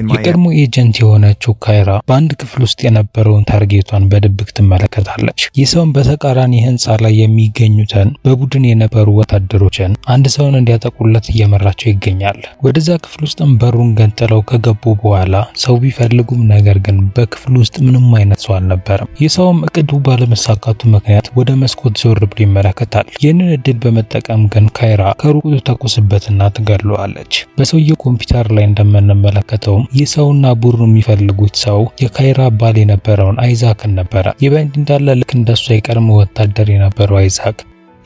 የቀድሞ ኤጀንት የሆነችው ካይራ በአንድ ክፍል ውስጥ የነበረውን ታርጌቷን በድብቅ ትመለከታለች። ይህ ሰውን በተቃራኒ ህንፃ ላይ የሚገኙትን በቡድን የነበሩ ወታደሮችን አንድ ሰውን እንዲያጠቁለት እየመራቸው ይገኛል። ወደዛ ክፍል ውስጥም በሩን ገንጥለው ከገቡ በኋላ ሰው ቢፈልጉም፣ ነገር ግን በክፍል ውስጥ ምንም አይነት ሰው አልነበረም። ይህ ሰውም እቅዱ ባለመሳካቱ ምክንያት ወደ መስኮት ዞር ብሎ ይመለከታል። ይህንን እድል በመጠቀም ግን ካይራ ከሩቁ ተኩስበትና ትገድለዋለች። በሰውየው ኮምፒውተር ላይ እንደምንመለከተው ምክንያቱም ይሰውና ቡድኑ የሚፈልጉት ሰው የካይራ ባል የነበረውን አይዛክን ነበረ። ይህ በእንዲህ እንዳለ ልክ እንደሱ የቀድሞ ወታደር የነበረው አይዛክ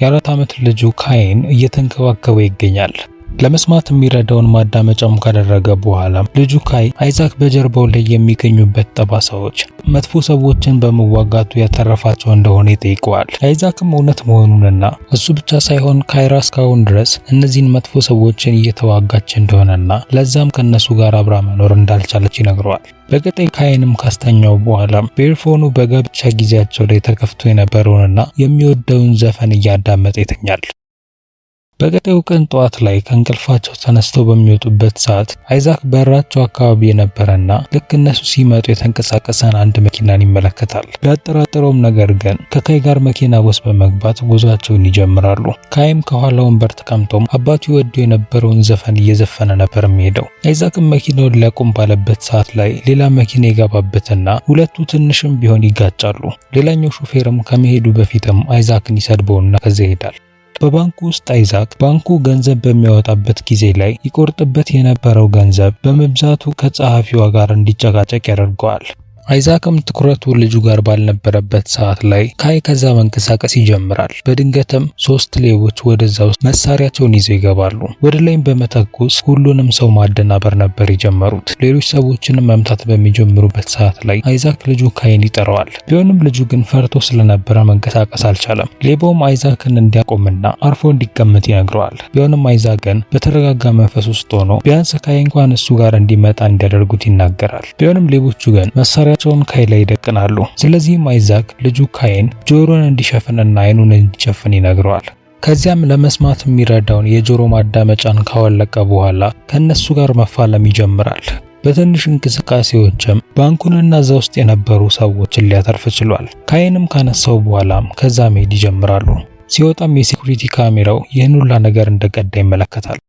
የአራት ዓመት ልጁ ካይን እየተንከባከበ ይገኛል። ለመስማት የሚረዳውን ማዳመጫም ካደረገ በኋላ ልጁ ካይ አይዛክ በጀርባው ላይ የሚገኙበት ጠባሳዎች መጥፎ ሰዎችን በመዋጋቱ ያተረፋቸው እንደሆነ ይጠይቀዋል። አይዛክም እውነት መሆኑንና እሱ ብቻ ሳይሆን ካይራ እስካሁን ድረስ እነዚህን መጥፎ ሰዎችን እየተዋጋች እንደሆነና ለዛም ከነሱ ጋር አብራ መኖር እንዳልቻለች ይነግረዋል። በቀጣይ ካይንም ካስተኛው በኋላ በኤርፎኑ በጋብቻ ጊዜያቸው ላይ ተከፍቶ የነበረውንና የሚወደውን ዘፈን እያዳመጠ ይተኛል። በቀጣዩ ቀን ጠዋት ላይ ከእንቅልፋቸው ተነስተው በሚወጡበት ሰዓት አይዛክ በራቸው አካባቢ የነበረና ልክ እነሱ ሲመጡ የተንቀሳቀሰን አንድ መኪናን ይመለከታል። ቢያጠራጥረውም ነገር ግን ከካይ ጋር መኪና ውስጥ በመግባት ጉዟቸውን ይጀምራሉ። ካይም ከኋላ ወንበር ተቀምጦም አባቱ ወዶ የነበረውን ዘፈን እየዘፈነ ነበር የሚሄደው። አይዛክም መኪናውን ሊያቆም ባለበት ሰዓት ላይ ሌላ መኪና ይገባበትና ሁለቱ ትንሽም ቢሆን ይጋጫሉ። ሌላኛው ሹፌርም ከመሄዱ በፊትም አይዛክን ይሰድበውና ከዚያ ይሄዳል። በባንኩ ውስጥ አይዛክ ባንኩ ገንዘብ በሚያወጣበት ጊዜ ላይ ይቆርጥበት የነበረው ገንዘብ በመብዛቱ ከጸሐፊዋ ጋር እንዲጨቃጨቅ ያደርገዋል። አይዛክም ትኩረቱ ልጁ ጋር ባልነበረበት ሰዓት ላይ ካይ ከዛ መንቀሳቀስ ይጀምራል። በድንገትም ሶስት ሌቦች ወደዛ ውስጥ መሳሪያቸውን ይዘው ይገባሉ። ወደ ላይም በመተኮስ ሁሉንም ሰው ማደናበር ነበር የጀመሩት። ሌሎች ሰዎችንም መምታት በሚጀምሩበት ሰዓት ላይ አይዛክ ልጁ ካይን ይጠራዋል። ቢሆንም ልጁ ግን ፈርቶ ስለነበረ መንቀሳቀስ አልቻለም። ሌቦም አይዛክን እንዲያቆምና አርፎ እንዲቀመጥ ይነግረዋል። ቢሆንም አይዛክ ግን በተረጋጋ መንፈስ ውስጥ ሆኖ ቢያንስ ካይ እንኳን እሱ ጋር እንዲመጣ እንዲያደርጉት ይናገራል። ቢሆንም ሌቦቹ ግን መሳሪያ እጃቸውን ካይ ላይ ይደቅናሉ። ስለዚህም አይዛክ ልጁ ካይን ጆሮን እንዲሸፍንና አይኑን እንዲሸፍን ይነግረዋል። ከዚያም ለመስማት የሚረዳውን የጆሮ ማዳመጫን ካወለቀ በኋላ ከነሱ ጋር መፋለም ይጀምራል። በትንሽ እንቅስቃሴዎችም ባንኩንና እዛ ውስጥ የነበሩ ሰዎችን ሊያተርፍ ችሏል። ካይንም ካነሳው በኋላም ከዛ መሄድ ይጀምራሉ። ሲወጣም የሴኩሪቲ ካሜራው ይህን ሁላ ነገር እንደቀዳ ይመለከታል።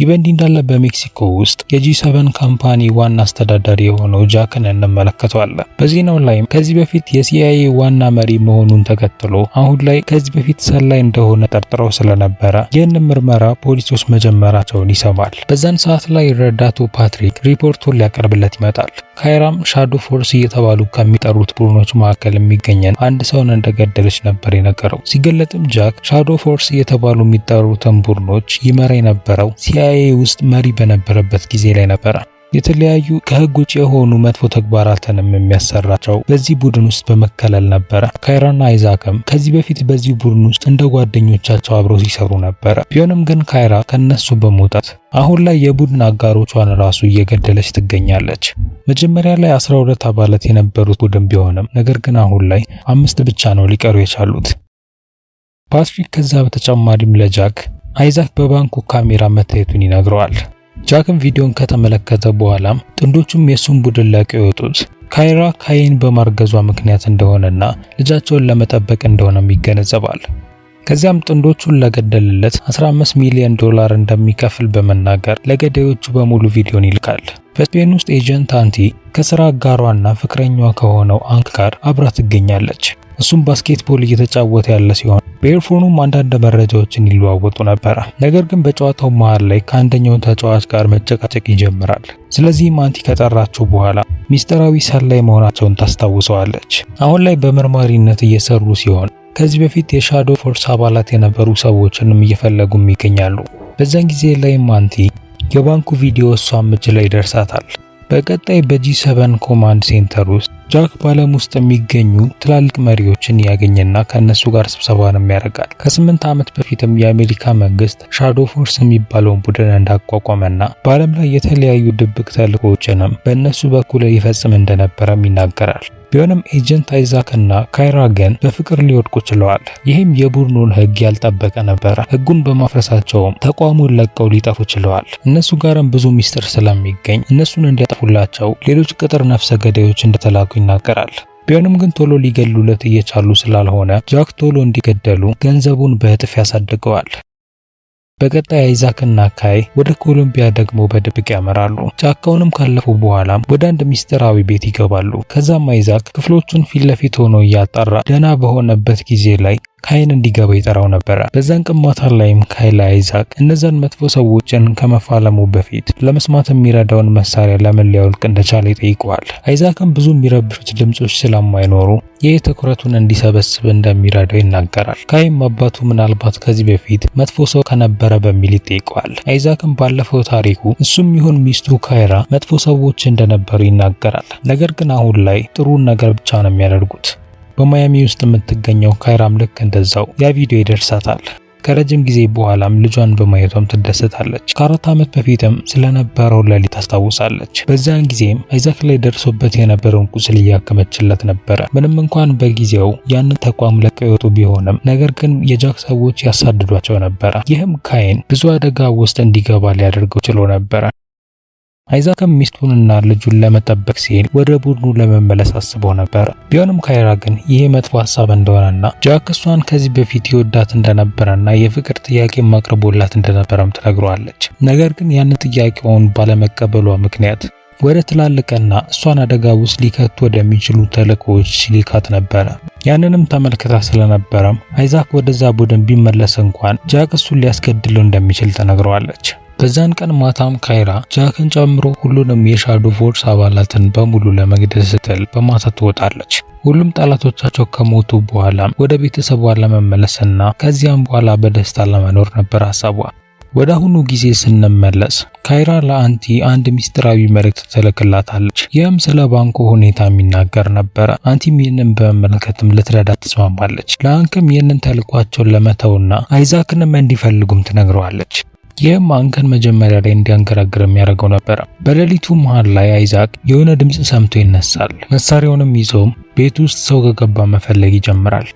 ይህ በእንዲህ እንዳለ በሜክሲኮ ውስጥ የጂ7 ካምፓኒ ዋና አስተዳዳሪ የሆነው ጃክን እንመለከተዋለን። በዜናው ላይም ከዚህ በፊት የሲአይኤ ዋና መሪ መሆኑን ተከትሎ አሁን ላይ ከዚህ በፊት ሰላይ እንደሆነ ጠርጥረው ስለነበረ ይህን ምርመራ ፖሊሶች መጀመራቸውን ይሰማል። በዛን ሰዓት ላይ ረዳቱ ፓትሪክ ሪፖርቱን ሊያቀርብለት ይመጣል። ካይራም ሻዶ ፎርስ እየተባሉ ከሚጠሩት ቡድኖች መካከል የሚገኘን አንድ ሰውን እንደገደለች ነበር የነገረው። ሲገለጥም ጃክ ሻዶ ፎርስ እየተባሉ የሚጠሩትን ቡድኖች ይመራ የነበረው ሲአይኤ ውስጥ መሪ በነበረበት ጊዜ ላይ ነበረ። የተለያዩ ከህግ ውጭ የሆኑ መጥፎ ተግባራትንም የሚያሰራቸው በዚህ ቡድን ውስጥ በመከለል ነበረ። ካይራና አይዛክም ከዚህ በፊት በዚህ ቡድን ውስጥ እንደ ጓደኞቻቸው አብረው ሲሰሩ ነበረ። ቢሆንም ግን ካይራ ከነሱ በመውጣት አሁን ላይ የቡድን አጋሮቿን ራሱ እየገደለች ትገኛለች። መጀመሪያ ላይ 12 አባላት የነበሩት ቡድን ቢሆንም ነገር ግን አሁን ላይ አምስት ብቻ ነው ሊቀሩ የቻሉት። ፓትሪክ ከዛ በተጨማሪም ለጃክ አይዛክ በባንኩ ካሜራ መታየቱን ይነግረዋል። ጃክም ቪዲዮን ከተመለከተ በኋላም ጥንዶቹም የሱን ቡድን ለቀው የወጡት ካይራ ካይን በማርገዟ ምክንያት እንደሆነና ልጃቸውን ለመጠበቅ እንደሆነም ይገነዘባል። ከዚያም ጥንዶቹን ለገደልለት 15 ሚሊዮን ዶላር እንደሚከፍል በመናገር ለገዳዮቹ በሙሉ ቪዲዮን ይልካል። በስፔን ውስጥ ኤጀንት አንቲ ከስራ አጋሯና ፍቅረኛዋ ከሆነው አንክ ጋር አብራ ትገኛለች። እሱም ባስኬትቦል እየተጫወተ ያለ ሲሆን በኤርፎኑም አንዳንድ መረጃዎችን ይለዋወጡ ነበረ። ነገር ግን በጨዋታው መሃል ላይ ከአንደኛው ተጫዋች ጋር መጨቃጨቅ ይጀምራል። ስለዚህም አንቲ ከጠራችው በኋላ ሚስጥራዊ ሰላይ መሆናቸውን ታስታውሰዋለች። አሁን ላይ በመርማሪነት እየሰሩ ሲሆን ከዚህ በፊት የሻዶ ፎርስ አባላት የነበሩ ሰዎችንም እየፈለጉም ይገኛሉ። በዛን ጊዜ ላይ ማንቲ የባንኩ ቪዲዮ እሷም እጅ ላይ ይደርሳታል። በቀጣይ በጂ7 ኮማንድ ሴንተር ውስጥ ጃክ በዓለም ውስጥ የሚገኙ ትላልቅ መሪዎችን ያገኘና ከነሱ ጋር ስብሰባንም ያደርጋል። ከስምንት ዓመት በፊትም የአሜሪካ መንግስት ሻዶ ፎርስ የሚባለውን ቡድን እንዳቋቋመና በዓለም ላይ የተለያዩ ድብቅ ተልእኮችንም በእነሱ በኩል ይፈጽም እንደነበረም ይናገራል። ቢሆንም ኤጀንት አይዛክ እና ካይራ ግን በፍቅር ሊወድቁ ችለዋል። ይህም የቡድኑን ህግ ያልጠበቀ ነበረ። ህጉን በማፍረሳቸውም ተቋሙን ለቀው ሊጠፉ ችለዋል። እነሱ ጋርም ብዙ ሚስጥር ስለሚገኝ እነሱን እንዲያጠፉላቸው ሌሎች ቅጥር ነፍሰ ገዳዮች እንደተላኩ ይናገራል። ቢሆንም ግን ቶሎ ሊገሉለት እየቻሉ ስላልሆነ ጃክ ቶሎ እንዲገደሉ ገንዘቡን በእጥፍ ያሳድገዋል። በቀጣይ አይዛክና ካይ ወደ ኮሎምቢያ ደግሞ በድብቅ ያመራሉ። ጫካውንም ካለፉ በኋላም ወደ አንድ ሚስጥራዊ ቤት ይገባሉ። ከዛም አይዛክ ክፍሎቹን ፊት ለፊት ሆኖ እያጣራ ደህና በሆነበት ጊዜ ላይ ካይን እንዲገባ ይጠራው ነበረ። በዛን ቀን ላይም ካይላ አይዛቅ እነዛን መጥፎ ሰዎችን ከመፋለሙ በፊት ለመስማት የሚረዳውን መሳሪያ ለምን እንደቻለ ይጠይቀዋል። አይዛክም ብዙ የሚረብሹት ድምጾች ስለማይኖሩ ይህ ትኩረቱን እንዲሰበስብ እንደሚረዳው ይናገራል። ካይም አባቱ ምናልባት ከዚህ በፊት መጥፎ ሰው ከነበረ በሚል ይጠይቀዋል። አይዛክም ባለፈው ታሪኩ እሱም ይሁን ሚስቱ ካይራ መጥፎ ሰዎች እንደነበሩ ይናገራል። ነገር ግን አሁን ላይ ጥሩን ነገር ብቻ ነው የሚያደርጉት። በማያሚ ውስጥ የምትገኘው ካይራም ልክ እንደዛው ያ ቪዲዮ ይደርሳታል። ከረጅም ጊዜ በኋላም ልጇን በማየቷም ትደሰታለች። ከአራት ዓመት በፊትም ስለነበረው ሌሊት ታስታውሳለች። በዚያን ጊዜም አይዛክ ላይ ደርሶበት የነበረውን ቁስል እያከመችለት ነበረ። ምንም እንኳን በጊዜው ያንን ተቋም ለቀው የወጡ ቢሆንም ነገር ግን የጃክ ሰዎች ያሳድዷቸው ነበረ። ይህም ካይን ብዙ አደጋ ውስጥ እንዲገባ ሊያደርገው ችሎ ነበረ። አይዛክም ሚስቱንና ልጁን ለመጠበቅ ሲል ወደ ቡድኑ ለመመለስ አስቦ ነበር። ቢሆንም ካይራ ግን ይህ መጥፎ ሀሳብ እንደሆነና ጃክ እሷን ከዚህ በፊት ይወዳት እንደነበረና የፍቅር ጥያቄ ማቅርቦላት እንደነበረም ትነግረዋለች። ነገር ግን ያንን ጥያቄውን ባለመቀበሏ ምክንያት ወደ ትላልቅና እሷን አደጋ ውስጥ ሊከቱ ወደሚችሉ ተልእኮዎች ሊካት ነበረ። ያንንም ተመልክታ ስለነበረም አይዛክ ወደዛ ቡድን ቢመለስ እንኳን ጃክ እሱን ሊያስገድለው እንደሚችል ተነግረዋለች። በዛን ቀን ማታም ካይራ ጃክን ጨምሮ ሁሉንም የሻዶ ፎርስ አባላትን በሙሉ ለመግደል ስትል በማታ ትወጣለች። ሁሉም ጠላቶቻቸው ከሞቱ በኋላ ወደ ቤተሰቧ ለመመለስና ከዚያም በኋላ በደስታ ለመኖር ነበር ሀሳቧ። ወደ አሁኑ ጊዜ ስንመለስ ካይራ ለአንቲ አንድ ሚስጥራዊ መልእክት ትልክላታለች። ይህም ስለ ባንኩ ሁኔታ የሚናገር ነበረ። አንቲም ይህንን በመመልከትም ልትረዳ ትስማማለች። ለአንክም ይህንን ተልኳቸውን ለመተውና አይዛክንም እንዲፈልጉም ትነግረዋለች። ይህም አንከን መጀመሪያ ላይ እንዲያንገራግር የሚያደርገው ነበር። በሌሊቱ መሃል ላይ አይዛክ የሆነ ድምፅ ሰምቶ ይነሳል። መሳሪያውንም ይዞም ቤት ውስጥ ሰው ከገባ መፈለግ ይጀምራል።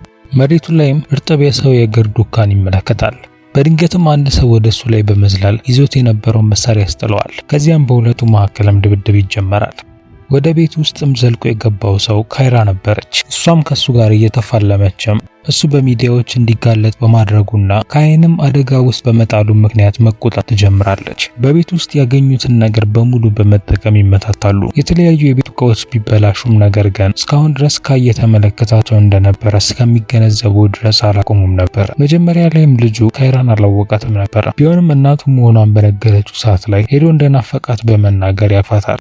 መሬቱ ላይም እርጥብ የሰው የእግር ዱካን ይመለከታል። በድንገትም አንድ ሰው ወደ እሱ ላይ በመዝላል ይዞት የነበረውን መሳሪያ ያስጥለዋል። ከዚያም በሁለቱ መካከልም ድብድብ ይጀመራል። ወደ ቤት ውስጥም ዘልቆ የገባው ሰው ካይራ ነበረች። እሷም ከሱ ጋር እየተፋለመችም እሱ በሚዲያዎች እንዲጋለጥ በማድረጉና ካይንም አደጋ ውስጥ በመጣሉ ምክንያት መቆጣት ትጀምራለች። በቤት ውስጥ ያገኙትን ነገር በሙሉ በመጠቀም ይመታታሉ። የተለያዩ የቤት እቃዎች ቢበላሹም ነገር ግን እስካሁን ድረስ ካይ እየተመለከታቸው እንደነበረ እስከሚገነዘቡ ድረስ አላቆሙም ነበር። መጀመሪያ ላይም ልጁ ካይራን አላወቃትም ነበር። ቢሆንም እናቱ መሆኗን በነገረችው ሰዓት ላይ ሄዶ እንደናፈቃት በመናገር ያፋታል።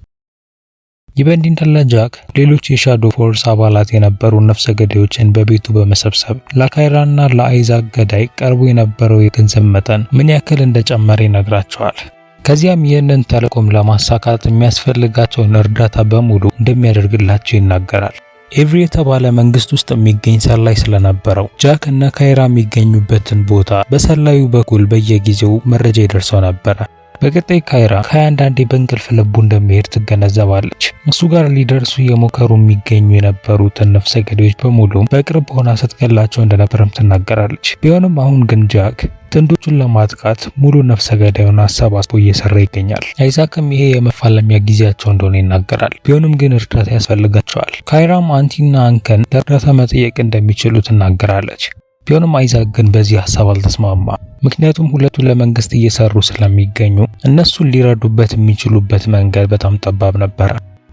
ይህ በእንዲህ እንዳለ ጃክ ሌሎች የሻዶ ፎርስ አባላት የነበሩ ነፍሰ ገዳዮችን በቤቱ በመሰብሰብ ለካይራና ለአይዛክ ገዳይ ቀርቦ የነበረው የገንዘብ መጠን ምን ያክል እንደጨመረ ይነግራቸዋል። ከዚያም ይህንን ተልዕኮም ለማሳካት የሚያስፈልጋቸውን እርዳታ በሙሉ እንደሚያደርግላቸው ይናገራል። ኤቭሪ የተባለ መንግስት ውስጥ የሚገኝ ሰላይ ስለነበረው ጃክ እና ካይራ የሚገኙበትን ቦታ በሰላዩ በኩል በየጊዜው መረጃ ይደርሰው ነበረ። በቀጣይ ካይራ ካያ በእንቅልፍ ልቡ እንደሚሄድ ትገነዘባለች። እሱ ጋር ሊደርሱ የሞከሩ የሚገኙ የነበሩትን ነፍሰ ገዳዮች በሙሉ በቅርብ ሆና ስትገላቸው እንደነበረም ትናገራለች። ቢሆንም አሁን ግን ጃክ ጥንዶቹን ለማጥቃት ሙሉ ነፍሰ ገዳዩን አሰባስቦ እየሰራ ይገኛል። አይዛክም ይሄ የመፋለሚያ ጊዜያቸው እንደሆነ ይናገራል። ቢሆንም ግን እርዳታ ያስፈልጋቸዋል። ካይራም አንቲና አንከን ለእርዳታ መጠየቅ እንደሚችሉ ትናገራለች። ቢሆንም አይዛክ ግን በዚህ ሀሳብ አልተስማማ። ምክንያቱም ሁለቱ ለመንግስት እየሰሩ ስለሚገኙ እነሱን ሊረዱበት የሚችሉበት መንገድ በጣም ጠባብ ነበረ።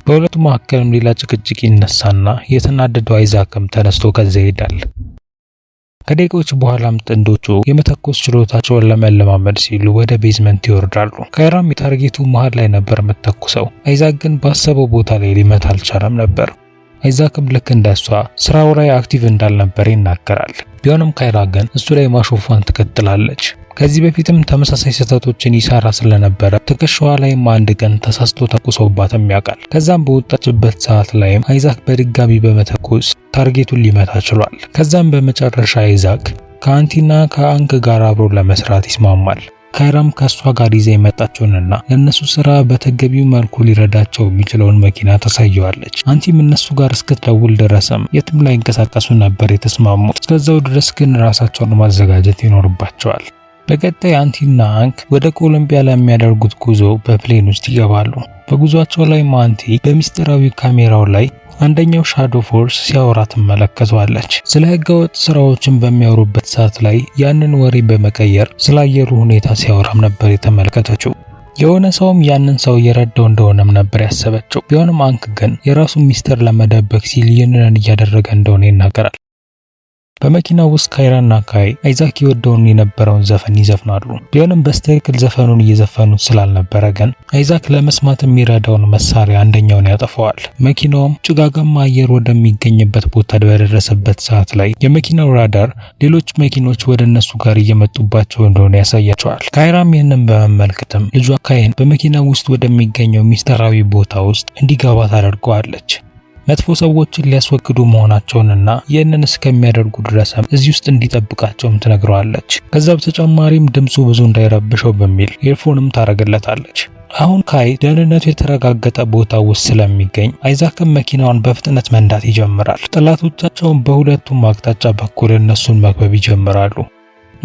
በሁለቱ መካከልም ሌላ ጭቅጭቅ ይነሳና የተናደደው አይዛክም ተነስቶ ከዚያ ይሄዳል። ከደቂቃዎች በኋላም ጥንዶቹ የመተኮስ ችሎታቸውን ለመለማመድ ሲሉ ወደ ቤዝመንት ይወርዳሉ። ካይራም የታርጌቱ መሃል ላይ ነበር የምትተኩሰው። አይዛክ ግን ባሰበው ቦታ ላይ ሊመታ አልቻለም ነበር። አይዛክም ልክ እንደሷ ስራው ላይ አክቲቭ እንዳልነበር ይናገራል። ቢሆንም ካይራ ግን እሱ ላይ ማሾፏን ትቀጥላለች። ከዚህ በፊትም ተመሳሳይ ስህተቶችን ይሰራ ስለነበረ ትከሻዋ ላይም አንድ ቀን ተሳስቶ ተኩሶባትም ያውቃል። ከዛም በወጣችበት ሰዓት ላይም አይዛክ በድጋሚ በመተኮስ ታርጌቱን ሊመታ ችሏል። ከዛም በመጨረሻ አይዛክ ከአንቲና ከአንክ ጋር አብሮ ለመስራት ይስማማል። ካይራም ከእሷ ጋር ይዛ የመጣቸውንና ለእነሱ ስራ በተገቢው መልኩ ሊረዳቸው የሚችለውን መኪና ታሳየዋለች። አንቲም እነሱ ጋር እስክትደውል ድረስም የትም ላይ እንቀሳቀሱ ነበር የተስማሙት። እስከዛው ድረስ ግን ራሳቸውን ማዘጋጀት ይኖርባቸዋል። በቀጣይ አንቲና አንክ ወደ ኮሎምቢያ ለሚያደርጉት ጉዞ በፕሌን ውስጥ ይገባሉ። በጉዟቸው ላይ ማንቲ በሚስጢራዊ ካሜራው ላይ አንደኛው ሻዶ ፎርስ ሲያወራ ትመለከተዋለች። ስለ ህገወጥ ስራዎችን በሚያወሩበት ሰዓት ላይ ያንን ወሬ በመቀየር ስለ አየሩ ሁኔታ ሲያወራም ነበር የተመለከተችው። የሆነ ሰውም ያንን ሰው እየረዳው እንደሆነም ነበር ያሰበችው። ቢሆንም አንክ ግን የራሱን ሚስጥር ለመደበቅ ሲል ይህንን እያደረገ እንደሆነ ይናገራል። በመኪናው ውስጥ ካይራና ካይ አይዛክ የወደውን የነበረውን ዘፈን ይዘፍናሉ። ቢሆንም በስትክክል ዘፈኑን እየዘፈኑት ስላልነበረ ግን አይዛክ ለመስማት የሚረዳውን መሳሪያ አንደኛውን ያጠፈዋል። መኪናውም ጭጋጋማ አየር ወደሚገኝበት ቦታ በደረሰበት ሰዓት ላይ የመኪናው ራዳር ሌሎች መኪኖች ወደ እነሱ ጋር እየመጡባቸው እንደሆነ ያሳያቸዋል። ካይራም ይህንን በመመልከትም ልጇ ካይን በመኪናው ውስጥ ወደሚገኘው ሚስጥራዊ ቦታ ውስጥ እንዲገባ ታደርገዋለች። መጥፎ ሰዎችን ሊያስወግዱ መሆናቸውንና ይህንን እስከሚያደርጉ ድረስም እዚህ ውስጥ እንዲጠብቃቸውም ትነግረዋለች። ከዛ በተጨማሪም ድምፁ ብዙ እንዳይረብሸው በሚል ኤርፎንም ታደርግለታለች። አሁን ካይ ደህንነቱ የተረጋገጠ ቦታ ውስጥ ስለሚገኝ አይዛክም መኪናውን በፍጥነት መንዳት ይጀምራል። ጠላቶቻቸውን በሁለቱም አቅጣጫ በኩል እነሱን መክበብ ይጀምራሉ።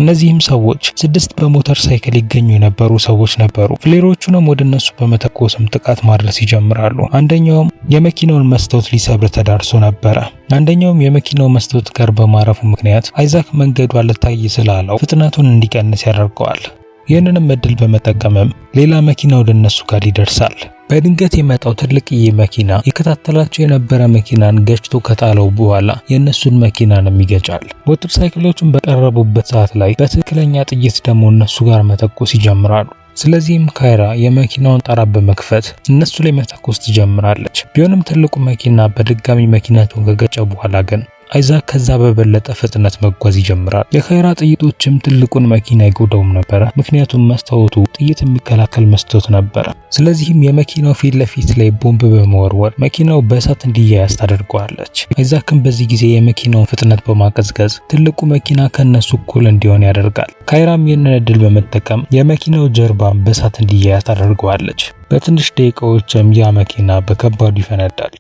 እነዚህም ሰዎች ስድስት በሞተር ሳይክል ይገኙ የነበሩ ሰዎች ነበሩ። ፍሌሮቹንም ወደ እነሱ በመተኮስም ጥቃት ማድረስ ይጀምራሉ። አንደኛውም የመኪናውን መስታወት ሊሰብር ተዳርሶ ነበረ። አንደኛውም የመኪናው መስታወት ጋር በማረፉ ምክንያት አይዛክ መንገዱ አልታይ ስላለው ፍጥነቱን እንዲቀንስ ያደርገዋል። ይህንንም እድል በመጠቀምም ሌላ መኪና ወደ እነሱ ጋር ይደርሳል። በድንገት የመጣው ትልቅዬ መኪና የከታተላቸው የነበረ መኪናን ገጭቶ ከጣለው በኋላ የእነሱን መኪናንም ይገጫል። ሞተር ሳይክሎቹን በቀረቡበት ሰዓት ላይ በትክክለኛ ጥይት ደግሞ እነሱ ጋር መተኮስ ይጀምራሉ። ስለዚህም ካይራ የመኪናውን ጣራ በመክፈት እነሱ ላይ መተኮስ ትጀምራለች። ቢሆንም ትልቁ መኪና በድጋሚ መኪናቸውን ከገጨ በኋላ ግን አይዛክ ከዛ በበለጠ ፍጥነት መጓዝ ይጀምራል። የካይራ ጥይቶችም ትልቁን መኪና አይጎዳውም ነበረ፣ ምክንያቱም መስታወቱ ጥይት የሚከላከል መስታወት ነበረ። ስለዚህም የመኪናው ፊት ለፊት ላይ ቦምብ በመወርወር መኪናው በእሳት እንዲያያዝ ታደርገዋለች። አይዛክም በዚህ ጊዜ የመኪናውን ፍጥነት በማቀዝቀዝ ትልቁ መኪና ከነሱ እኩል እንዲሆን ያደርጋል። ካይራም ይህንን እድል በመጠቀም የመኪናው ጀርባ በእሳት እንዲያያዝ ታደርገዋለች። በትንሽ ደቂቃዎችም ያ መኪና በከባዱ ይፈነዳል።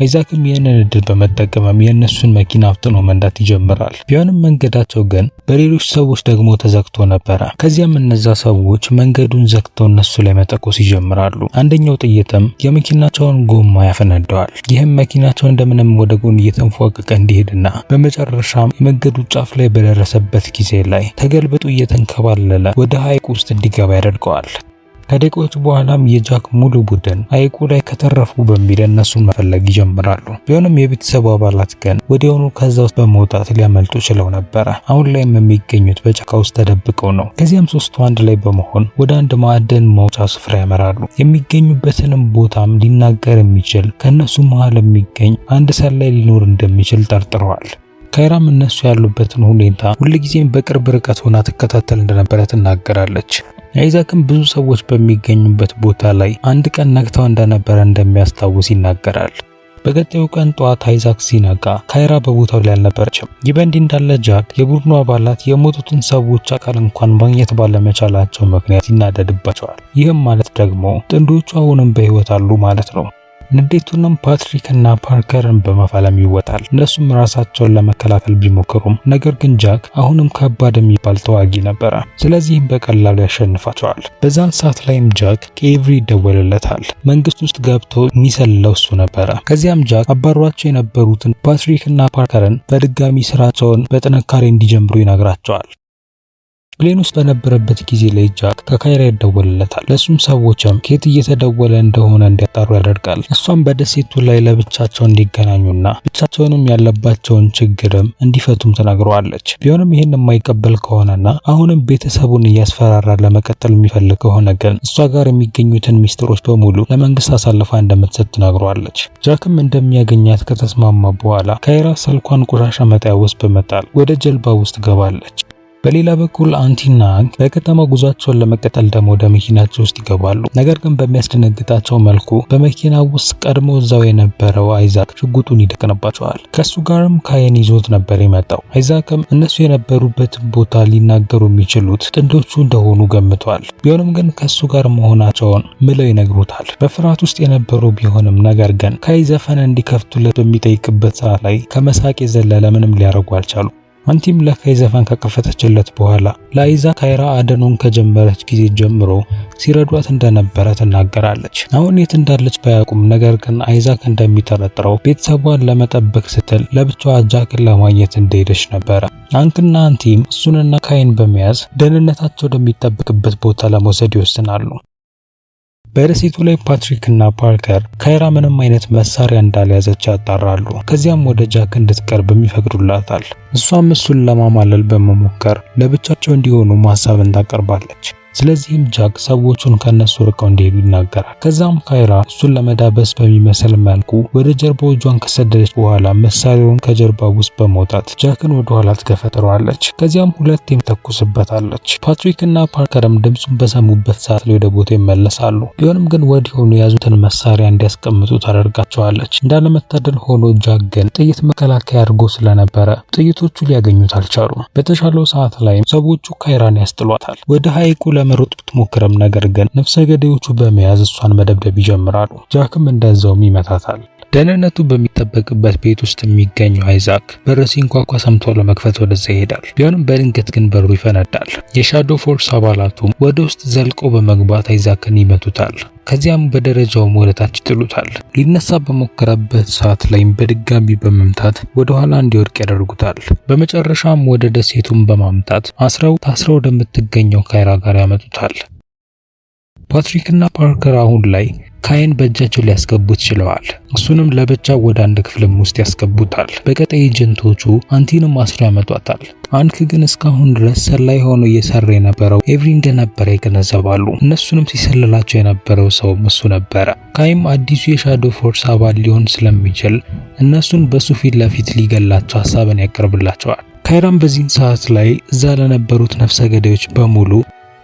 አይዛክም ይህንን እድል በመጠቀምም የእነሱን መኪና አፍጥኖ መንዳት ይጀምራል። ቢሆንም መንገዳቸው ግን በሌሎች ሰዎች ደግሞ ተዘግቶ ነበረ። ከዚያም እነዛ ሰዎች መንገዱን ዘግተው እነሱ ላይ መተኮስ ይጀምራሉ። አንደኛው ጥይትም የመኪናቸውን ጎማ ያፈነደዋል። ይህም መኪናቸው እንደምንም ወደ ጎን እየተንፏቀቀ እንዲሄድና በመጨረሻም የመንገዱ ጫፍ ላይ በደረሰበት ጊዜ ላይ ተገልብጦ እየተንከባለለ ወደ ሐይቅ ውስጥ እንዲገባ ያደርገዋል። ከደቂቆች በኋላም የጃክ ሙሉ ቡድን ሐይቁ ላይ ከተረፉ በሚል እነሱን መፈለግ ይጀምራሉ። ቢሆንም የቤተሰቡ አባላት ግን ወዲያውኑ ከዛ ውስጥ በመውጣት ሊያመልጡ ችለው ነበረ። አሁን ላይም የሚገኙት በጫካ ውስጥ ተደብቀው ነው። ከዚያም ሶስቱ አንድ ላይ በመሆን ወደ አንድ ማዕድን መውጫ ስፍራ ያመራሉ። የሚገኙበትንም ቦታም ሊናገር የሚችል ከእነሱ መሀል የሚገኝ አንድ ሰላይ ሊኖር እንደሚችል ጠርጥረዋል። ካይራም እነሱ ያሉበትን ሁኔታ ሁልጊዜም በቅርብ ርቀት ሆና ትከታተል እንደነበረ ትናገራለች። አይዛክም ብዙ ሰዎች በሚገኙበት ቦታ ላይ አንድ ቀን ነግተው እንደነበረ እንደሚያስታውስ ይናገራል። በቀጣዩ ቀን ጠዋት አይዛክ ሲነጋ ካይራ በቦታው ላይ አልነበረችም። ይህ በእንዲህ እንዳለ ጃክ የቡድኑ አባላት የሞቱትን ሰዎች አካል እንኳን ማግኘት ባለመቻላቸው ምክንያት ይናደድባቸዋል። ይህም ማለት ደግሞ ጥንዶቹ አሁንም በህይወት አሉ ማለት ነው። ንዴቱንም ፓትሪክ እና ፓርከርን በመፋለም ይወጣል። እነሱም ራሳቸውን ለመከላከል ቢሞክሩም ነገር ግን ጃክ አሁንም ከባድ የሚባል ተዋጊ ነበረ። ስለዚህም በቀላሉ ያሸንፋቸዋል። በዛን ሰዓት ላይም ጃክ ከኤቭሪ ይደወልለታል። መንግስት ውስጥ ገብቶ የሚሰልለው እሱ ነበረ። ከዚያም ጃክ አባሯቸው የነበሩትን ፓትሪክ እና ፓርከርን በድጋሚ ስራቸውን በጥንካሬ እንዲጀምሩ ይነግራቸዋል። ፕሌን ውስጥ በነበረበት ጊዜ ላይ ጃክ ከካይራ ይደወልለታል። ለሱም ሰዎችም ኬት እየተደወለ እንደሆነ እንዲያጣሩ ያደርጋል። እሷም በደሴቱ ላይ ለብቻቸው እንዲገናኙና ብቻቸውንም ያለባቸውን ችግርም እንዲፈቱም ተናግረዋለች። ቢሆንም ይህን የማይቀበል ከሆነና አሁንም ቤተሰቡን እያስፈራራ ለመቀጠል የሚፈልግ ከሆነ ግን እሷ ጋር የሚገኙትን ሚስጥሮች በሙሉ ለመንግስት አሳልፋ እንደምትሰጥ ትናግረዋለች። ጃክም እንደሚያገኛት ከተስማማ በኋላ ካይራ ስልኳን ቆሻሻ መጣያ ውስጥ በመጣል ወደ ጀልባ ውስጥ ገባለች። በሌላ በኩል አንቲና አንግ በከተማ ጉዟቸውን ለመቀጠል ደግሞ ወደ መኪናቸው ውስጥ ይገባሉ። ነገር ግን በሚያስደነግጣቸው መልኩ በመኪና ውስጥ ቀድሞ እዛው የነበረው አይዛክ ሽጉጡን ይደቅንባቸዋል። ከእሱ ጋርም ካየን ይዞት ነበር የመጣው። አይዛክም እነሱ የነበሩበት ቦታ ሊናገሩ የሚችሉት ጥንዶቹ እንደሆኑ ገምቷል። ቢሆንም ግን ከእሱ ጋር መሆናቸውን ምለው ይነግሩታል። በፍርሃት ውስጥ የነበሩ ቢሆንም ነገር ግን ካይ ዘፈን እንዲከፍቱለት በሚጠይቅበት ሰዓት ላይ ከመሳቅ የዘለለ ምንም ሊያደርጉ አልቻሉ። አንቲም ለካይ ዘፈን ከከፈተችለት በኋላ ላይዛ ካይራ አደኖን ከጀመረች ጊዜ ጀምሮ ሲረዷት እንደነበረ ትናገራለች። አሁን የት እንዳለች ባያውቁም ነገር ግን አይዛክ እንደሚጠረጥረው ቤተሰቧን ለመጠበቅ ስትል ለብቻዋ ጃክን ለማግኘት እንደሄደች ነበረ። አንክና አንቲም እሱንና ካይን በመያዝ ደህንነታቸው ወደሚጠበቅበት ቦታ ለመውሰድ ይወስናሉ። በደሴቱ ላይ ፓትሪክ እና ፓርከር ካይራ ምንም አይነት መሳሪያ እንዳልያዘች ያጣራሉ። ከዚያም ወደ ጃክ እንድትቀርብ ይፈቅዱላታል። እሷም እሱን ለማማለል በመሞከር ለብቻቸው እንዲሆኑ ሀሳብን ታቀርባለች። ስለዚህም ጃክ ሰዎቹን ከነሱ ርቀው እንዲሄዱ ይናገራል። ከዛም ካይራ እሱን ለመዳበስ በሚመስል መልኩ ወደ ጀርባው እጇን ከሰደደች በኋላ መሳሪያውን ከጀርባ ውስጥ በመውጣት ጃክን ወደ ኋላ ትገፈጥረዋለች። ከዚያም ሁለቴም ተኩስበታለች። ፓትሪክ እና ፓርከርም ድምፁን በሰሙበት ሰዓት ላይ ወደ ቦታ ይመለሳሉ። ቢሆንም ግን ወዲያውኑ የያዙትን መሳሪያ እንዲያስቀምጡ ታደርጋቸዋለች። እንዳለመታደል ሆኖ ጃክ ግን ጥይት መከላከያ አድርጎ ስለነበረ ጥይቶቹ ሊያገኙት አልቻሉም። በተሻለው ሰዓት ላይም ሰዎቹ ካይራን ያስጥሏታል። ወደ ለ ለመሮጥ ብትሞክርም ነገር ግን ነፍሰ ገዳዮቹ በመያዝ እሷን መደብደብ ይጀምራሉ። ጃክም እንደዛውም ይመታታል። ደህንነቱ በሚጠበቅበት ቤት ውስጥ የሚገኘው አይዛክ በር ሲንኳኳ ሰምቶ ለመክፈት ወደዛ ይሄዳል። ቢሆንም በድንገት ግን በሩ ይፈነዳል። የሻዶ ፎርስ አባላቱም ወደ ውስጥ ዘልቆ በመግባት አይዛክን ይመቱታል። ከዚያም በደረጃውም ወደ ታች ይጥሉታል። ሊነሳ በሞከረበት ሰዓት ላይም በድጋሚ በመምታት ወደ ኋላ እንዲወድቅ ያደርጉታል። በመጨረሻም ወደ ደሴቱን በማምጣት አስረው ታስረው ወደምትገኘው ካይራ ጋር ያመጡታል። ፓትሪክና ፓርከር አሁን ላይ ካይን በእጃቸው ሊያስገቡት ችለዋል። እሱንም ለብቻ ወደ አንድ ክፍልም ውስጥ ያስገቡታል። በቀጣይ ኤጀንቶቹ አንቲንም አስሮ ያመጧታል። አንክ ግን እስካሁን ድረስ ሰላይ ሆኖ እየሰራ የነበረው ኤቭሪ እንደነበረ ይገነዘባሉ። እነሱንም ሲሰልላቸው የነበረው ሰው እሱ ነበረ። ካይም አዲሱ የሻዶ ፎርስ አባል ሊሆን ስለሚችል እነሱን በሱ ፊት ለፊት ሊገላቸው ሀሳብን ያቀርብላቸዋል። ካይራም በዚህን ሰዓት ላይ እዛ ለነበሩት ነፍሰ ገዳዮች በሙሉ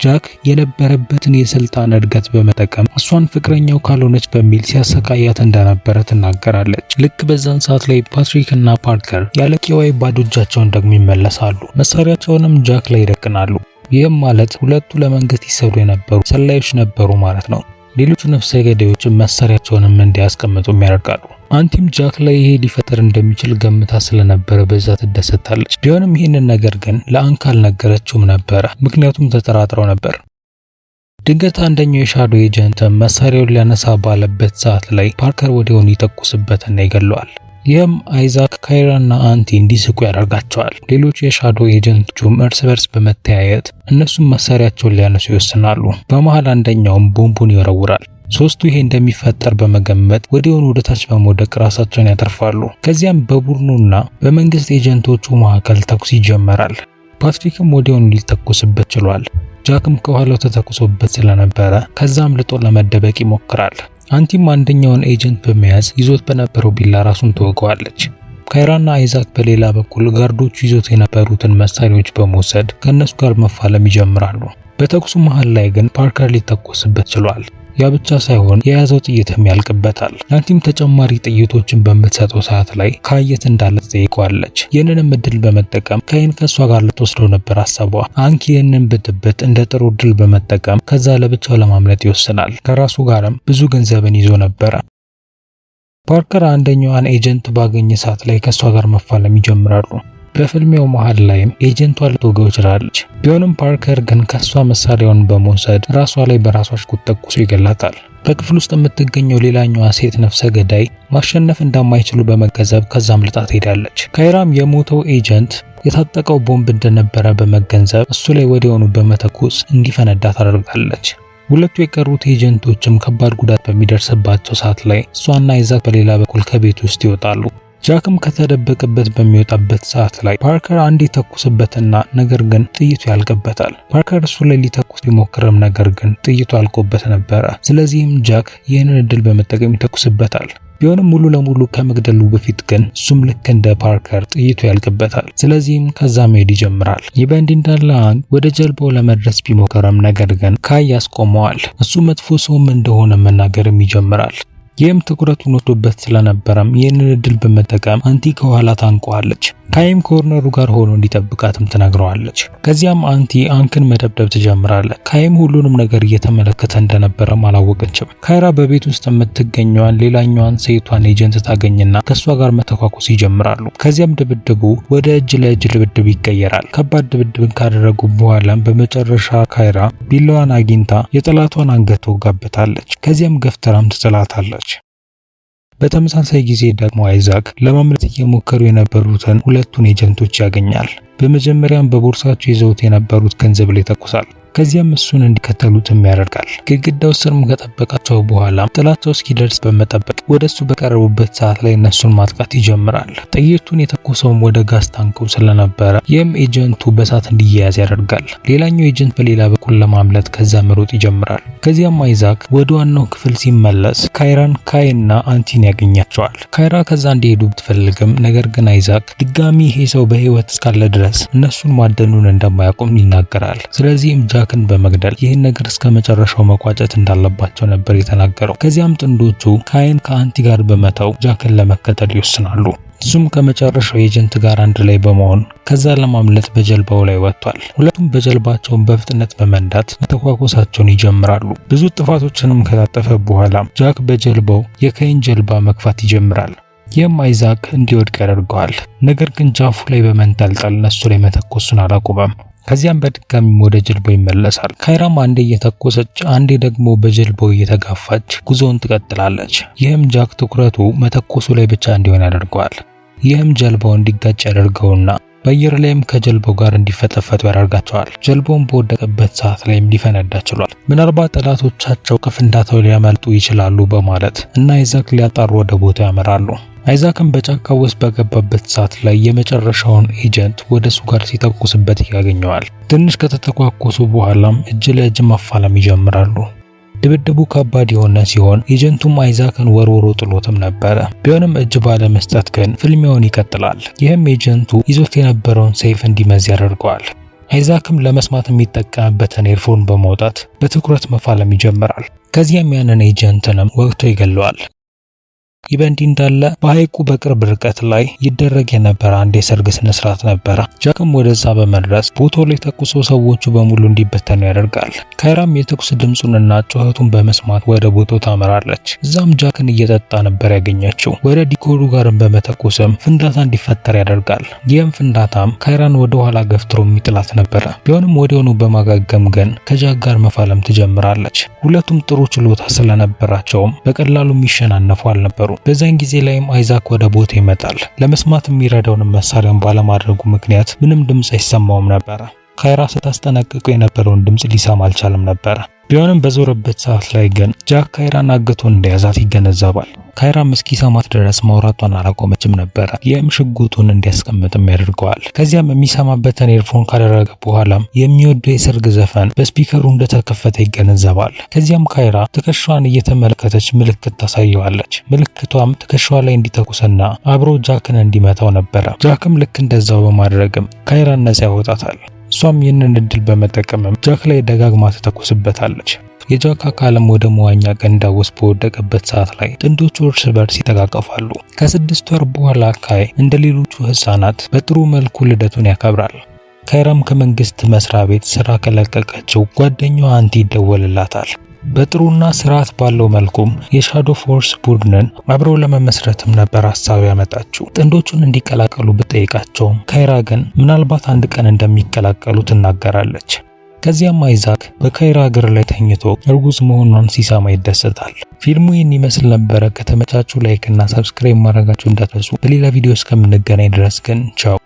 ጃክ የነበረበትን የስልጣን እድገት በመጠቀም እሷን ፍቅረኛው ካልሆነች በሚል ሲያሰቃያት እንደነበረ ትናገራለች። ልክ በዛን ሰዓት ላይ ፓትሪክ እና ፓርከር ያለቄዋይ ባዶ እጃቸውን ደግሞ ይመለሳሉ። መሳሪያቸውንም ጃክ ላይ ይደቅናሉ። ይህም ማለት ሁለቱ ለመንግስት ይሰሩ የነበሩ ሰላዮች ነበሩ ማለት ነው። ሌሎቹ ነፍሰ ገዳዮችን መሳሪያቸውንም እንዲያስቀምጡ ያደርጋሉ። አንቲም ጃክ ላይ ይሄ ሊፈጠር እንደሚችል ገምታ ስለነበረ በዛ ትደሰታለች። ቢሆንም ይህንን ነገር ግን ለአንክ አልነገረችውም ነበረ፣ ምክንያቱም ተጠራጥረው ነበር። ድንገት አንደኛው የሻዶ ኤጀንት መሳሪያውን ሊያነሳ ባለበት ሰዓት ላይ ፓርከር ወዲያውኑ ይተኩስበትና ይገለዋል። ይህም አይዛክ ካይራና አንቲ እንዲስቁ ያደርጋቸዋል። ሌሎች የሻዶ ኤጀንቶቹም እርስ በርስ በመተያየት እነሱም መሳሪያቸውን ሊያነሱ ይወስናሉ። በመሃል አንደኛውም ቦምቡን ይወረውራል። ሶስቱ ይሄ እንደሚፈጠር በመገመት ወዲያውኑ ወደ ታች በመውደቅ ራሳቸውን ያተርፋሉ። ከዚያም በቡድኑና በመንግስት ኤጀንቶቹ መካከል ተኩስ ይጀመራል። ፓትሪክም ወዲያውኑ ሊተኩስበት ችሏል። ጃክም ከኋላው ተተኩሶበት ስለነበረ ከዛም ልጦ ለመደበቅ ይሞክራል። አንቲ አንደኛውን ኤጀንት በመያዝ ይዞት በነበረው ቢላ ራሱን ትወገዋለች። ካይራና አይዛክ በሌላ በኩል ጋርዶቹ ይዞት የነበሩትን መሳሪያዎች በመውሰድ ከእነሱ ጋር መፋለም ይጀምራሉ። በተኩሱ መሃል ላይ ግን ፓርከር ሊተኮስበት ችሏል። ያ ብቻ ሳይሆን የያዘው ጥይትም ያልቅበታል። ናቲም ተጨማሪ ጥይቶችን በምትሰጠው ሰዓት ላይ ካየት እንዳለ ትጠይቋለች። ይህንንም እድል በመጠቀም ከይን ከእሷ ጋር ልትወስደው ነበር አሰቧ። አንኪ ይህንን ብጥብጥ እንደ ጥሩ እድል በመጠቀም ከዛ ለብቻው ለማምለጥ ይወስናል። ከራሱ ጋርም ብዙ ገንዘብን ይዞ ነበረ። ፓርከር አንደኛዋን ኤጀንት ባገኘ ሰዓት ላይ ከእሷ ጋር መፋለም ይጀምራሉ። በፍልሚያው መሃል ላይም ኤጀንቷ ልትወገው ችላለች። ቢሆንም ፓርከር ግን ከሷ መሳሪያውን በመውሰድ ራሷ ላይ በራሷ ሽጉጥ ተኩሶ ይገላታል። በክፍል ውስጥ የምትገኘው ሌላኛዋ ሴት ነፍሰ ገዳይ ማሸነፍ እንደማይችሉ በመገንዘብ ከዛም ልጣ ትሄዳለች። ካይራም የሞተው ኤጀንት የታጠቀው ቦምብ እንደነበረ በመገንዘብ እሱ ላይ ወዲያውኑ በመተኮስ እንዲፈነዳ ታደርጋለች። ሁለቱ የቀሩት ኤጀንቶችም ከባድ ጉዳት በሚደርስባቸው ሰዓት ላይ እሷና ይዛክ በሌላ በኩል ከቤት ውስጥ ይወጣሉ። ጃክም ከተደበቀበት በሚወጣበት ሰዓት ላይ ፓርከር አንድ የተኩስበትና ነገር ግን ጥይቱ ያልቅበታል። ፓርከር እሱ ላይ ሊተኩስ ቢሞክርም ነገር ግን ጥይቱ አልቆበት ነበረ። ስለዚህም ጃክ ይህንን እድል በመጠቀም ይተኩስበታል። ቢሆንም ሙሉ ለሙሉ ከመግደሉ በፊት ግን እሱም ልክ እንደ ፓርከር ጥይቱ ያልቅበታል። ስለዚህም ከዛ መሄድ ይጀምራል። ይህ በእንዲህ እንዳለ ወደ ጀልባው ለመድረስ ቢሞክርም ነገር ግን ካይ ያስቆመዋል። እሱ መጥፎ ሰውም እንደሆነ መናገርም ይጀምራል። ይህም ትኩረቱን ወጥቶበት ስለነበረም ይህንን እድል በመጠቀም አንቲ ከኋላ ታንቋለች። ካይም ኮርነሩ ጋር ሆኖ እንዲጠብቃትም ትነግረዋለች። ከዚያም አንቲ አንክን መደብደብ ትጀምራለች። ካይም ሁሉንም ነገር እየተመለከተ እንደነበረም አላወቀችም። ካይራ በቤት ውስጥ የምትገኘዋን ሌላኛዋን ሴቷን ኤጀንት ታገኝና ከእሷ ጋር መተኳኩስ ይጀምራሉ። ከዚያም ድብድቡ ወደ እጅ ለእጅ ድብድብ ይቀየራል። ከባድ ድብድብን ካደረጉ በኋላም በመጨረሻ ካይራ ቢላዋን አግኝታ የጠላቷን አንገት ትወጋበታለች። ከዚያም ገፍትራም ትጥላታለች። በተመሳሳይ ጊዜ ደግሞ አይዛክ ለማምለጥ እየሞከሩ የነበሩትን ሁለቱን ኤጀንቶች ያገኛል። በመጀመሪያም በቦርሳቸው ይዘውት የነበሩት ገንዘብ ላይ ተኩሳል። ከዚያም እሱን እንዲከተሉትም ያደርጋል። ግድግዳው ስርም ከጠበቃቸው በኋላ ጥላቸው እስኪደርስ በመጠበቅ ወደ እሱ በቀረቡበት ሰዓት ላይ እነሱን ማጥቃት ይጀምራል። ጥይቱን የተኮሰውም ወደ ጋዝ ታንኩ ስለነበረ ይህም ኤጀንቱ በሳት እንዲያያዝ ያደርጋል። ሌላኛው ኤጀንት በሌላ በኩል ለማምለጥ ከዛ መሮጥ ይጀምራል። ከዚያም አይዛክ ወደ ዋናው ክፍል ሲመለስ ካይራን ካይና አንቲን ያገኛቸዋል። ካይራ ከዛ እንዲሄዱ ብትፈልግም ነገር ግን አይዛክ ድጋሚ ይሄ ሰው በህይወት እስካለ ድረስ እነሱን ማደኑን እንደማያቆም ይናገራል። ስለዚህም ጃክን በመግደል ይህን ነገር እስከ መጨረሻው መቋጨት እንዳለባቸው ነበር የተናገረው። ከዚያም ጥንዶቹ ካይን ከአንቲ ጋር በመተው ጃክን ለመከተል ይወስናሉ። እሱም ከመጨረሻው ኤጀንት ጋር አንድ ላይ በመሆን ከዛ ለማምለጥ በጀልባው ላይ ወጥቷል። ሁለቱም በጀልባቸውን በፍጥነት በመንዳት መተኳኮሳቸውን ይጀምራሉ። ብዙ ጥፋቶችንም ከታጠፈ በኋላ ጃክ በጀልባው የከይን ጀልባ መግፋት ይጀምራል። ይህም አይዛክ እንዲወድቅ ያደርገዋል። ነገር ግን ጃፉ ላይ በመንጠልጠል እነሱ ላይ መተኮሱን አላቆመም። ከዚያም በድጋሚም ወደ ጀልባው ይመለሳል። ካይራም አንዴ እየተኮሰች አንዴ ደግሞ በጀልባው እየተጋፋች ጉዞውን ትቀጥላለች። ይህም ጃክ ትኩረቱ መተኮሱ ላይ ብቻ እንዲሆን ያደርገዋል። ይህም ጀልባው እንዲጋጭ ያደርገውና በአየር ላይም ከጀልባው ጋር እንዲፈጠፈጡ ያደርጋቸዋል። ጀልባውን በወደቀበት ሰዓት ላይም ሊፈነዳ ችሏል። ምናልባት ጠላቶቻቸው ከፍንዳታው ሊያመልጡ ይችላሉ በማለት እና አይዛክ ሊያጣሩ ወደ ቦታው ያመራሉ። አይዛክም በጫካ ውስጥ በገባበት ሰዓት ላይ የመጨረሻውን ኤጀንት ወደ እሱ ጋር ሲተኩስበት ያገኘዋል። ትንሽ ከተተኳኮሱ በኋላም እጅ ለእጅ መፋለም ይጀምራሉ። ድብድቡ ከባድ የሆነ ሲሆን ኤጀንቱም አይዛክን ወርውሮ ጥሎትም ነበረ። ቢሆንም እጅ ባለመስጠት ግን ፍልሚያውን ይቀጥላል። ይህም ኤጀንቱ ይዞት የነበረውን ሰይፍ እንዲመዝ ያደርገዋል። አይዛክም ለመስማት የሚጠቀምበትን ኤርፎን በማውጣት በትኩረት መፋለም ይጀምራል። ከዚያም ያንን ኤጀንትንም ወቅቶ ይገለዋል። ይህ በእንዲህ እንዳለ በሐይቁ በቅርብ ርቀት ላይ ይደረግ የነበረ አንድ የሰርግ ስነስርዓት ነበረ። ጃክም ወደዛ በመድረስ ቦታው ላይ ተኩሶ ሰዎቹ በሙሉ እንዲበተኑ ያደርጋል። ካይራም የተኩስ ድምፁንና ጩኸቱን በመስማት ወደ ቦታው ታመራለች። እዛም ጃክን እየጠጣ ነበር ያገኘችው። ወደ ዲኮሩ ጋርም በመተኮስም ፍንዳታ እንዲፈጠር ያደርጋል። ይህም ፍንዳታም ካይራን ወደ ኋላ ገፍትሮ የሚጥላት ነበረ። ቢሆንም ወዲያውኑ በማጋገም ግን ከጃክ ጋር መፋለም ትጀምራለች። ሁለቱም ጥሩ ችሎታ ስለነበራቸውም በቀላሉ የሚሸናነፉ አልነበሩ። በዛን ጊዜ ላይም አይዛክ ወደ ቦታ ይመጣል። ለመስማት የሚረዳውን መሳሪያውን ባለማድረጉ ምክንያት ምንም ድምፅ አይሰማውም ነበረ። ካይራ ስታስጠነቅቁ የነበረውን ድምፅ ሊሰማ አልቻለም ነበረ። ቢሆንም በዞረበት ሰዓት ላይ ግን ጃክ ካይራን አግቶ እንደያዛት ይገነዘባል። ካይራም እስኪሰማት ድረስ ማውራቷን አላቆመችም ነበረ። ይህም ሽጉጡን እንዲያስቀምጥም ያደርገዋል። ከዚያም የሚሰማበትን ኤርፎን ካደረገ በኋላም የሚወደው የሰርግ ዘፈን በስፒከሩ እንደተከፈተ ይገነዘባል። ከዚያም ካይራ ትከሻዋን እየተመለከተች ምልክት ታሳየዋለች። ምልክቷም ትከሻዋ ላይ እንዲተኩስና አብሮ ጃክን እንዲመታው ነበረ። ጃክም ልክ እንደዛው በማድረግም ካይራን ነጻ ያወጣታል። እሷም ይህንን እድል በመጠቀምም ጃክ ላይ ደጋግማ ትተኩስበታለች። የጃካ ካለም ወደ መዋኛ ገንዳ ውስጥ በወደቀበት ሰዓት ላይ ጥንዶቹ እርስ በርስ ይተቃቀፋሉ። ከስድስት ወር በኋላ ካይ እንደ ሌሎቹ ህፃናት በጥሩ መልኩ ልደቱን ያከብራል። ካይራም ከመንግስት መስሪያ ቤት ስራ ከለቀቀችው ጓደኛዋ አንቲ ይደወልላታል። በጥሩና ስርዓት ባለው መልኩም የሻዶ ፎርስ ቡድንን አብረው ለመመስረትም ነበር ሀሳብ ያመጣችው። ጥንዶቹን እንዲቀላቀሉ ብጠይቃቸውም ካይራ ግን ምናልባት አንድ ቀን እንደሚቀላቀሉ ትናገራለች። ከዚያም አይዛክ በካይራ እግር ላይ ተኝቶ እርጉዝ መሆኗን ሲሰማ ይደሰታል። ፊልሙ ይህን ይመስል ነበረ። ከተመቻቹ ላይክ እና ሰብስክራይብ ማድረጋችሁ እንዳትረሱ። በሌላ ቪዲዮ እስከምንገናኝ ድረስ ግን ቻው።